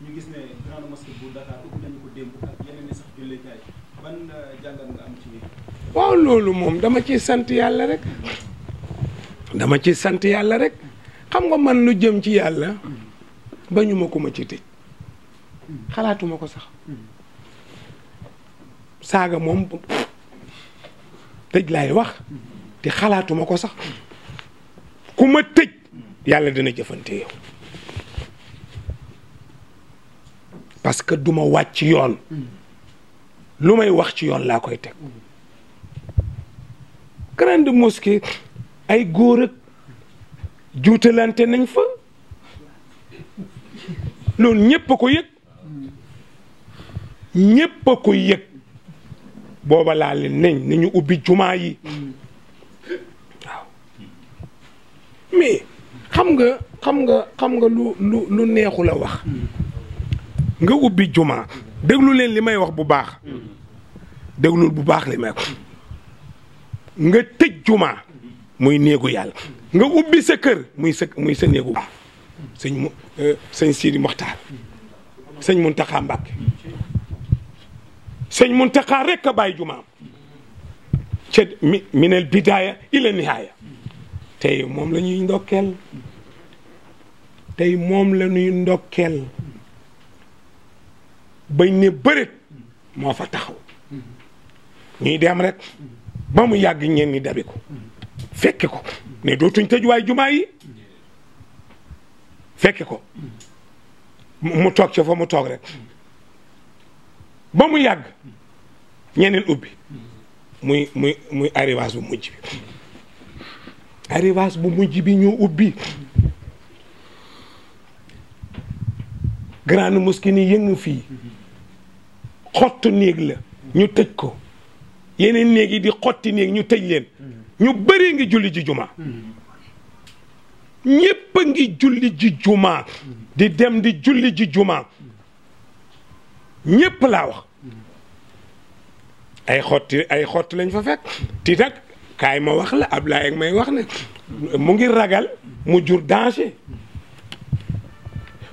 ñu gis ne grande mosquée bu Dakar euh, waaw loolu moom dama ciy sant yàlla rek dama ciy sant yàlla rek xam nga man lu jëm ci yàlla bañu ma ko ma ci tëj xalaatuma ko sax saaga moom tëj lay wax te xalaatuma ko sax ku ma tëj yàlla dina jëfante yow. parce que duma ma wàcc yoon lu may wax ci yoon laa koy teg grande mosquée ay góor ak juutalante nañ fa loolu ñëpp a ko yëg ñëpp a ko yëg booba laa leen ni ñu ubbi jumaa yi mais xam nga xam nga xam nga lu lu lu neexu la wax nga ubbi jumaa déglu leen li may wax bu baax déglul bu baax li may wax nga tëj juma muy néegu yàlla nga ubbi sa kër muy sa muy sa néegu sëñ mu euh, sëñ Sidi Moxtaar sëñ Muntaxa Mbàkke sëñ Muntaxa rek a bàyyi jumaam ca mi minel bidaaya ila nihaaya tey moom la ñuy ndokkeel tey moom la ndokkeel bañ ne bërit moo fa taxaw ñuy dem rek ba mu yàgg ñenn ñi dabi ko fekki ko ne tuñ tëjuwaay jumaa yi fekke ko mu toog ci fa mu toog rek ba mu yàgg ñeneen ubbi muy muy muy arrivage bu mujj bi bu mujj bi ñu ubbi grande mosquée ni yëngu fii xottu néeg la ñu tëj ko yeneen néeg yi di xotti néeg ñu tëj leen ñu bari ngi julli ji jumaa ñépp ngi julli ji jumaa di dem di julli ji jumaa ñépp laa wax ay xotti ay xott lañ fa fekk tiit ak kaay ma wax la Ablaye ak may wax na mu ngi ragal mu jur danger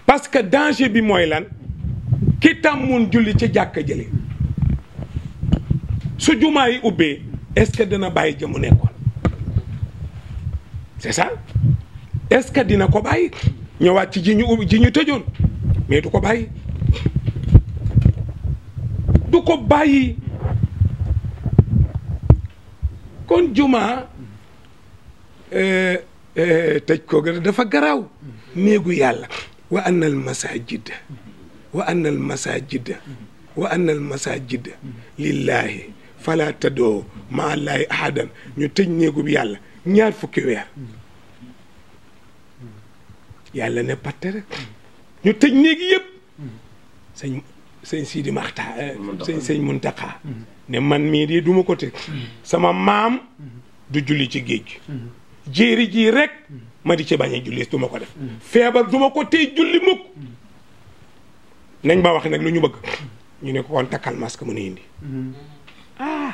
parce que danger bi mooy lan ki tàmmoon julli ci jàkka jële su jumaa yi ubbee est-ce que dina bàyyi jëmu nekkoon c'est ça est-ce que dina ko bàyyi ñëwaat ci ji ñu ubbi ji ñu tëjoon mais du ko bàyyi du ko bàyyi kon jumaa euh, euh, tëj ko gën dafa garaaw néegu yàlla wa anna al masajid wa anna al masajida wa anna al masajida lillaahi fala tadoo ma allaahi ahadan ñu tëj néegub yàlla ñaar fukki weer yàlla ne patte rek ñu tëj néegi yëpp sëñ sëñ Sidi Maxtaar eh, sëñ sëñ Muntaxa ne man mii de duma ko tëj sama maam du julli ci géej jéeri ji rek ma di ci julli duma ko def feebar duma ko tey julli mukk nañ ba wax nag lu ñu bëgg ñu ne ko kon takkal masque mën a indi ah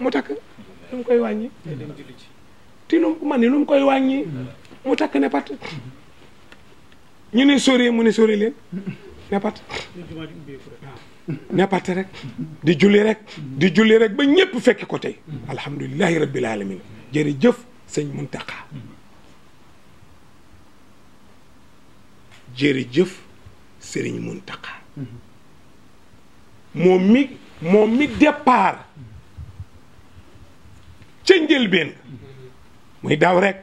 mu takk lu mu koy wàññi ti lu man ni lu mu koy wàññi mu takk ne pat ñu ne sori mu ne sori leen ne pat rek di julli rek di rek ba ñëpp fekk ko tey alhamdulilahi rabbil alamin jërëjëf sëñ Muntaqa jëf sëriñ Muntaxa mm-hmm. moom mi moom mi départ ca njëlbeen mm-hmm. muy daw rekk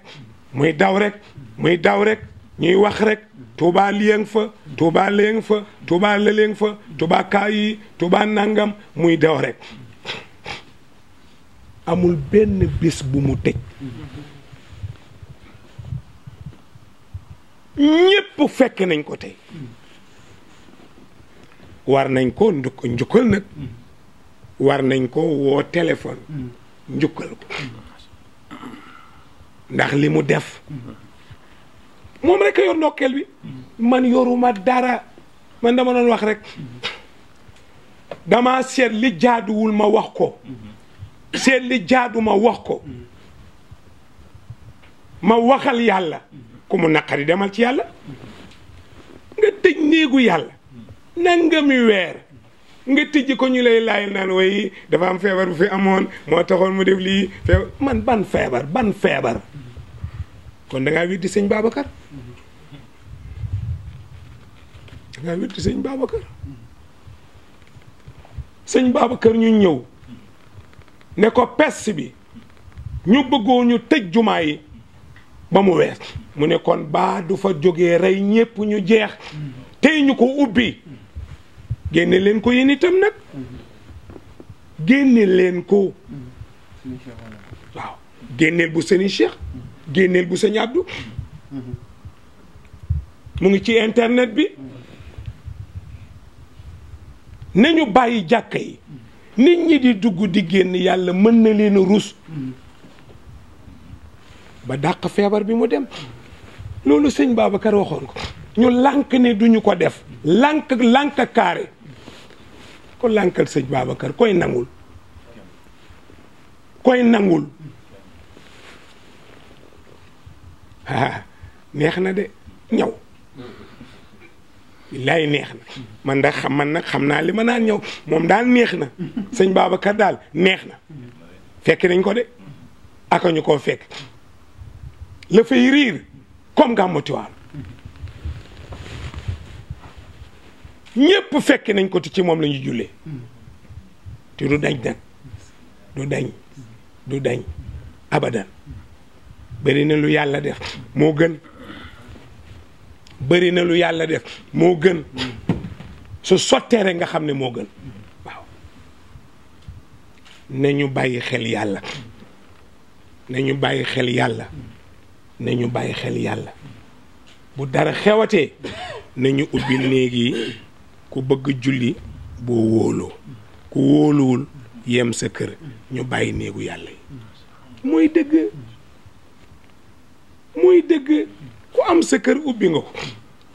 muy daw rekk muy daw rek ñuy wax rekk Touba liyeng fa Touba liyeng fa Touba lëleeng fa nangam muy daw rekk amul benn bis bu mu tëj mm-hmm. ñépp fekk nañ ko tey war nañ koo ndukk njukkal nag war nañ koo woo téléphone njukkal ko ndax li mu def moom rek a yor ndokkeel bi man yoruma dara man dama doon wax rek dama seet li jaaduwul ma wax ko seetli jaadu ma wax ko ma waxal yàlla ku mu naqari demal ci yàlla nga tëj néegu yàlla nga nangami weer nga tijji ko ñu lay laay naan way dafa am feebar bu fi amoon moo taxoon mu def lii feebar man ban feebar ban feebar kon da ngaa witti sëñ Babacar da ngaa witti ñu ñëw ne ko pes bi ñu bëggoo ñu tëj jumaa yi ba mu wees mu ne kon baa du fa jógee rey ñépp ñu jeex tey ñu ko ubbi génne leen ko yéen itam nag génne leen ko waaw génneel bu sëñ Cheikh génneel bu sëñ Abdou mu ngi ci internet bi nañu bàyyi jàkka yi nit ñi di dugg di génn yàlla mën na leen rus ba dàq feebar bi mu dem loolu sëñ Babacar waxoon ko ñu lànk ne duñu ko def lànk lànk kaare ko lànkal sëñ Babacar koy nangul koy nangul ah neex na de ñaw billaay neex na man ndax xam man nag xam naa li ma naan ñëw moom daal neex na sëñ Babacar daal neex na fekk nañ ko de aka ñu koo fekk la fay riir comme gàmmu Tiwaawan ñépp fekk nañ ko te ci moom la ñu jullee te du dañ nag du dañ du dañ abadan bëri na lu yàlla def moo gën bëri na lu yàlla def moo gën su sottee rek nga xam ne moo gën waaw ñu bàyyi xel yàlla ñu bàyyi xel yàlla nañu bàyyi xel yàlla bu dara xewatee nañu ubbi néeg ku bëgg julli boo wóoloo ku wóoluwul yem sa kër ñu bàyyi néegu yàlla yi mooy dëgg mooy dëgg ku am sa kër ubbi nga ko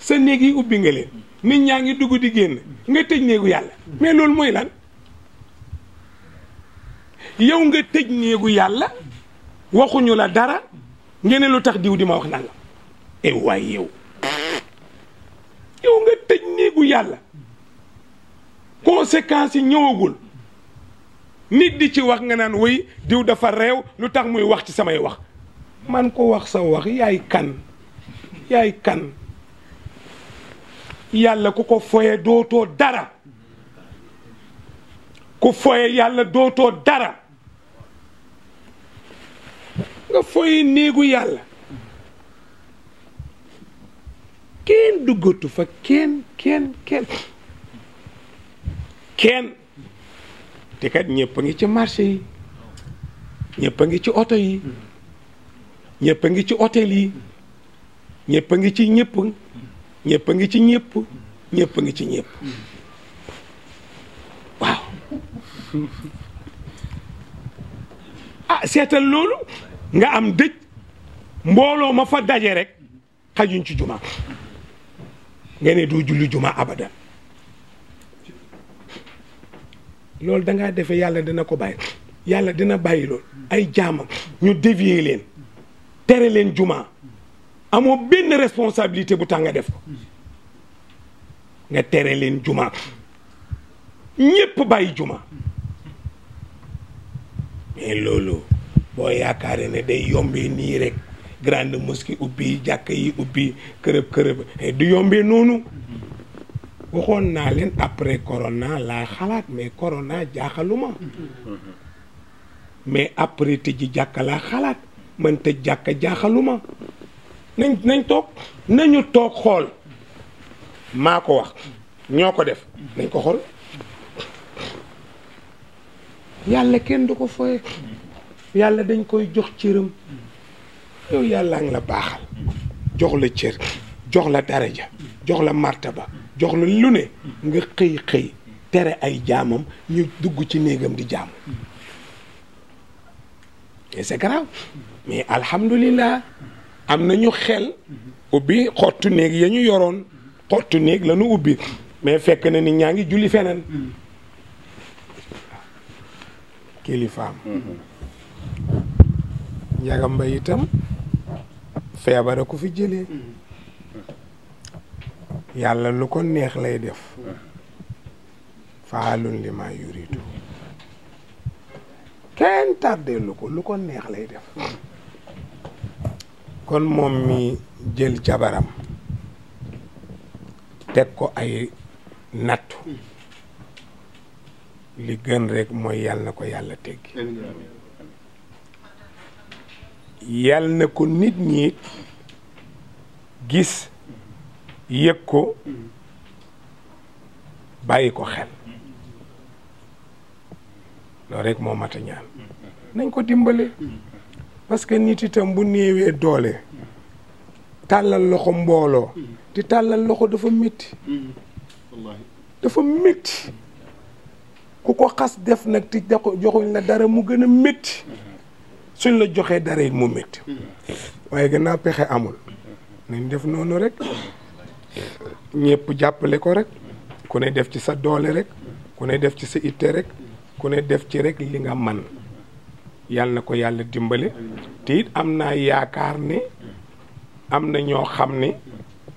sa néeg yi ubbi nga leen nit ñaa ngi dugg di génn nga tëj néegu yàlla mais loolu mooy lan yow nga tëj néegu yàlla waxuñu la dara ngeen lu tax diw di ma wax nangam eh waay yow yow nga tëj néegu yàlla conséquences yi ñëwagul nit di ci wax nga naan wéy diw dafa réew lu tax muy wax ci samay wax man koo wax sa wax yaay kan yaay kan yàlla ku ko foye dootoo dara ku foye yàlla dootoo dara nga foye néegu yàlla kenn duggatu fa kenn kenn kenn kenn te kat ñëpp a ngi ci marché yi ñëpp a ngi ci oto ñëpp a ngi ci hôtel yi ñëpp a ngi ci ñëpp ñëpp a ngi ci ñëpp ñëpp a ngi ci ñëpp waaw ah seetal loolu nga am dëj mbooloo ma fa daje rek xajuñ ci juma nga ne du julli juma abada loolu dangaa defe yàlla dina ko bàyyi yàlla dina bàyyi loolu ay jaamam ñu dévier leen tere leen juma amoo benn responsabilité bu tax nga def ko nga tere leen juma ñépp bàyyi juma loolu boo yaakaaree ne day yombee nii rek grande mosquée ubbi jàkka yi ubbi kërëb kërëb du yombee noonu waxoon naa leen après corona laa xalaat mais corona jaaxaluma mais après tëj jàkk laa xalaat man tëj jàkka jaaxaluma nañ nañ toog nañu toog xool maa ko wax ñoo ko def nañ ko xool yàlla kenn du ko foye yàlla dañ koy jox cëram yow yàlla ngi la baaxal jox la cër jox la daraja jox la martaba jox la lu ne nga xëy xëy tere ay jaamam ñu dugg ci néegam di jaamu et c'est mais alhamdulillah am nañu xel ubbi xottu néeg ya ñu yoroon xottu néeg la ubbi mais fekk na ni ñaa ngi julli feneen kilifaam njaga mbay itam feebara ko fi jëlee yàlla lu ko neex lay def faalun li maa yuritu kenn tardé lu ko lu ko neex lay def kon moom mi jël jabaram teg ko ay nattu li gën rek mooy yàlla na ko yàlla teggi yàlla na ko nit ñi gis yëg ko bàyyi ko xel loolu rek moo mat ñaan nañ ko dimbale parce que nit itam bu néewee doole tàllal loxo mbooloo di tàllal loxo dafa métti dafa métti ku ko xas def nag ti joxuñ la dara mu gën a metti suñ la joxee dara it mu métti mm-hmm. waaye gannaaw pexe amul nañ def noonu rek ñëpp jàppale ko rek ku ne def ci sa doole rek ku ne def ci sa itte rek ku ne def ci rek li nga man yàlla na ko yàlla dimbale te it am naa yaakaar ne am na ñoo xam ne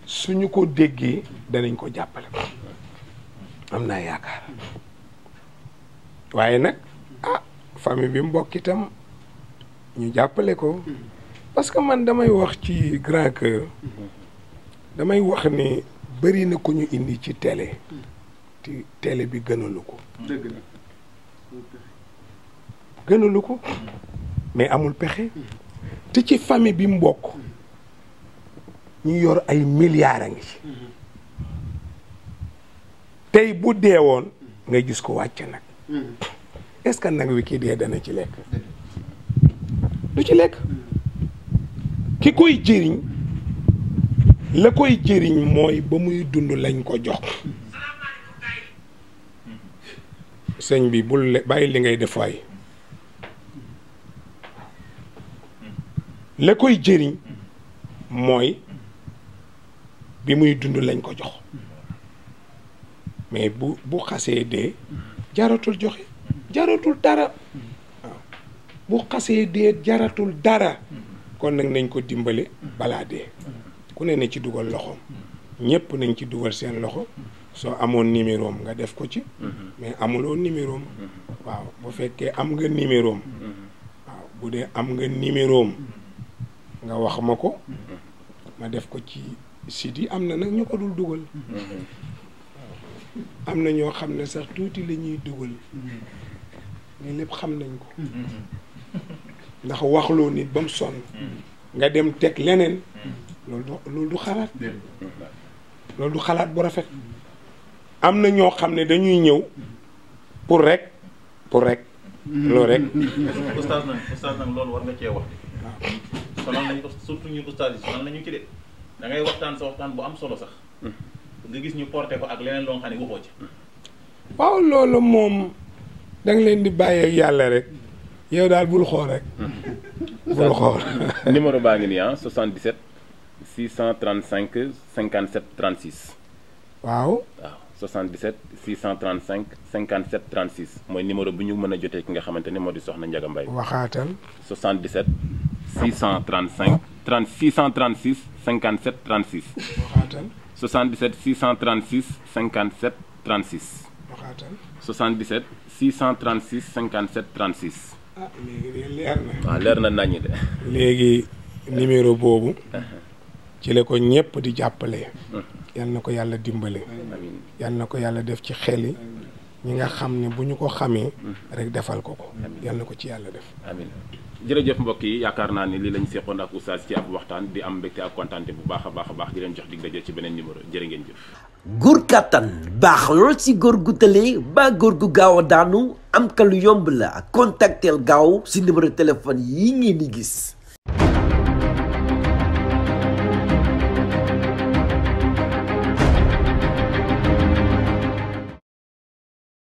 suñu ko déggee danañ ko jàppale am naa yaakaar waaye nag ah famille bi mbokk itam ñu jàppale ko parce que man damay wax ci grand cœur damay wax ne bëri na ku ñu indi ci télé te télé bi gënalu ko gënalu ko mais amul pexe te ci famille bi mbokk bokk ñu yor ay milliards a ngi tey bu deewoon nga gis ko wàcc nag est-ce que nag wi kii dee dana ci lekk lu ci lekk ki koy jiriñ la koy jëriñ mooy ba muy dund lañ ko jox sëñ bi bul bàyyi li ngay def waay la koy jëriñ mooy bi muy dund lañ ko jox mais bu bu xasee dee jaratul joxe jaratul dara waaw bu xasee dee jaratul dara kon nag nañ ko dimbale balaa dee ku ne na ci dugal loxo ñépp nañ ci dugal seen loxo soo amoon numéro am nga def ko ci mais amuloo numéro waaw bu fekkee am nga numéro am waaw bu dee am nga numéro nga wax ma ko ma def ko ci site yi am na nag ñu ko dul dugal am na ñoo xam ne sax tuuti la ñuy dugal mais lépp xam nañ ko ndax waxloo nit ba mu sonn nga dem teg leneen loolu du loolu du xalaat loolu du xalaat bu rafet am na ñoo xam ne dañuy ñëw pour rek pour rek loolu rek oustaz nag loolu war nga cee wax de sonal nañ ko surtout ñu oustaz nañu ci de dangay ngay waxtaan sa waxtaan bu am solo sax nga gis ñu porté ko ak leneen loo xam ne waxoo ci waaw loolu moom danga leen di bàyyeek yàlla rek yow daal bul xool rek hmm. bul xool numéro baa ngi nii ah 77 635 57 36. waaw. waaw 77 635 57 36 mooy numéro bi ñu mën a jotee ki nga xamante ni moo di sox na Mbaye. waxaatal. 77 635 30 636 57 36. waxaatal. 77 636 57 36. waxaatal. 77 636 57 36. ah léegi leer na. waaw ah, leer na nañu de. léegi numéro boobu. Uh-huh. ci la ko ñëpp di jàppale. Mm-hmm. yal na ko yàlla dimbali yal na ko yàlla def ci xeli ñi nga xam ne bu ñu ko xamee. Mm-hmm. rek defal ko ko. yal na ko ci yàlla def. amiin jërëjëf mbokk yi yaakaar naa ne lii lañ seqoon ak oustaz ci ab waxtaan di am mbégte ak bu baax a baax baax di leen jox dig daje ci beneen numéro jërë ngeen jëf. góor kàttan baax lool si góor gu tëlee ba góor gu gaaw a daanu am ka lu yomb la contactel gaaw si numéro téléphone yi ngeen di gis.